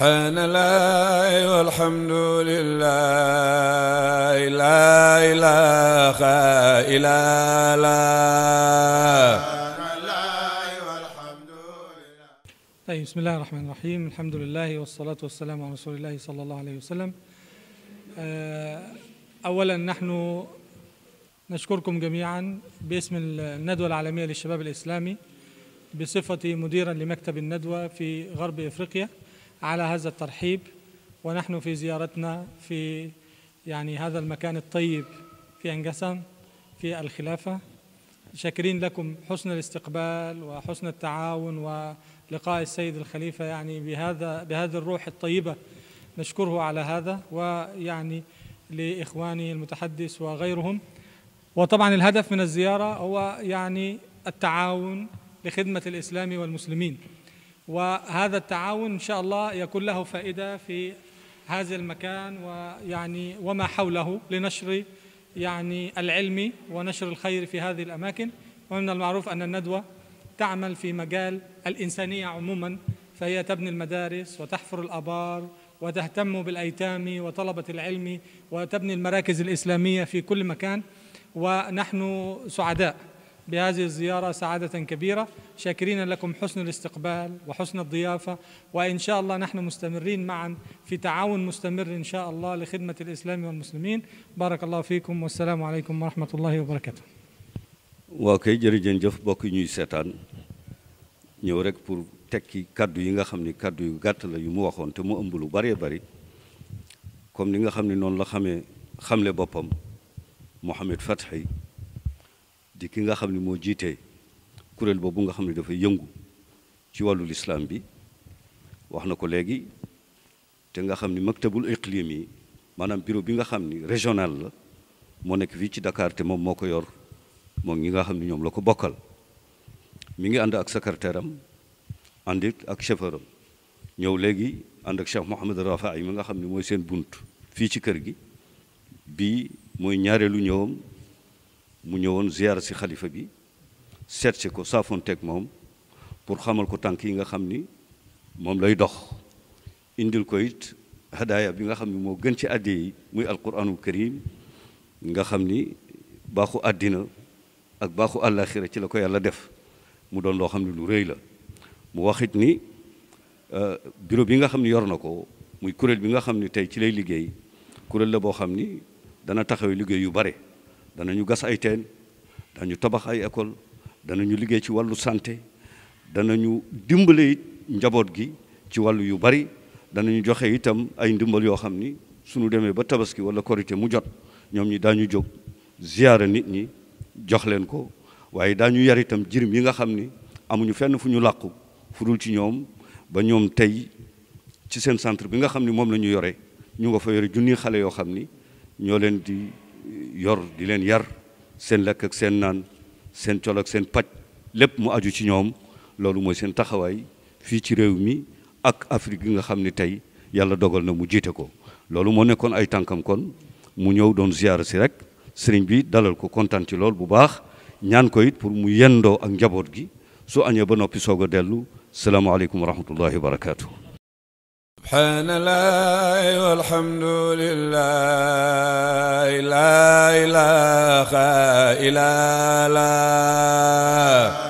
سبحان الله والحمد لله لا إله إلا الله طيب بسم الله الرحمن الرحيم الحمد لله والصلاة والسلام على رسول الله صلى الله عليه وسلم آه، أولا نحن نشكركم جميعا باسم الندوة العالمية للشباب الإسلامي بصفتي مديرا لمكتب الندوة في غرب إفريقيا على هذا الترحيب ونحن في زيارتنا في يعني هذا المكان الطيب في انقسم في الخلافة شاكرين لكم حسن الاستقبال وحسن التعاون ولقاء السيد الخليفة يعني بهذا بهذه الروح الطيبة نشكره على هذا ويعني لإخواني المتحدث وغيرهم وطبعا الهدف من الزيارة هو يعني التعاون لخدمة الإسلام والمسلمين وهذا التعاون إن شاء الله يكون له فائدة في هذا المكان ويعني وما حوله لنشر يعني العلم ونشر الخير في هذه الأماكن ومن المعروف أن الندوة تعمل في مجال الإنسانية عموما فهي تبني المدارس وتحفر الأبار وتهتم بالأيتام وطلبة العلم وتبني المراكز الإسلامية في كل مكان ونحن سعداء بهذه الزيارة سعادة كبيرة شاكرين لكم حسن الاستقبال وحسن الضيافة وإن شاء الله نحن مستمرين معا في تعاون مستمر إن شاء الله لخدمة الإسلام والمسلمين بارك الله فيكم والسلام عليكم ورحمة الله وبركاته وكي جرجن جف بوك نيو سيتان نيو رك pour tekki kaddu yi nga xam ni kaddu yu gàtt la yu mu waxoon te mu ëmb lu bëree bëri comme ni nga xam ni noonu di ki nga xam ni moo jiite kuréel boobu nga xam ne dafay yëngu ci wàllu lislam bi wax na ko léegi te nga xam ni maktabul iqlim yi maanaam bureau bi nga xam ni régional la moo nekk fii ci Dakar te moom moo ko yor moo ñi nga xam ni ñoom la ko bokkal mi ngi ànd ak secrétaire am àndit ak chauffeur ñëw léegi ànd ak Cheikh Mouhamed Rafa yi mi nga xam ni mooy seen bunt fii ci kër gi bi mooy ñaareelu ñëwam mu ñëwoon ziyaara si xalifa bi seet si ko saafonteeg moom pour xamal ko tànk yi nga xam ni moom lay dox indil ko it hadaaya bi nga xam ni moo gën ci àddi yi muy alquranul karim nga xam ni baaxu àddina ak baaxu àllaaxira ci la ko yàlla def mu doon loo xam ne lu rëy la mu waxit ni euh, bureau bi nga xam ni yor na ko muy kuréel bi nga xam ni tey ci lay liggéey kuréel la boo xam ni dana taxaw liggéey yu bare danañu gas ay teen danañu tabax ay école danañu liggéey ci wàllu santé danañu dimbale njaboot gi ci wàllu yu bari danañu joxe itam ay ndimbal yoo xam ni suñu demee ba tabaski wala korité mu jot ñoom ñi daañu jog ziyaara nit ñi jox leen ko waaye daañu yar itam jirim yi nga xam ni amuñu fenn fu ñu làqu fu dul ci ñoom ba ñoom tey ci seen centre bi nga xam ni moom la ñu yore ñu nga fa yore junni xale yoo xam ni ñoo leen di yor di leen yar seen lekk ak seen naan seen col ak seen paj lépp mu aju ci ñoom loolu mooy seen taxawaay fii ci réew mi ak Afrique gi nga xam ni tey yàlla dogal na mu jiite ko loolu moo nekkoon ay tànkam kon mu ñëw doon ziyaara si rek sëriñ bi dalal ko kontaan ci lool bu baax ñaan koyit pour mu yendoo ak njaboot gi su añee ba noppi soog a dellu salaamaaleykum wa rahmatullahi wa barakaatu. سبحان الله والحمد لله لا إله إلا الله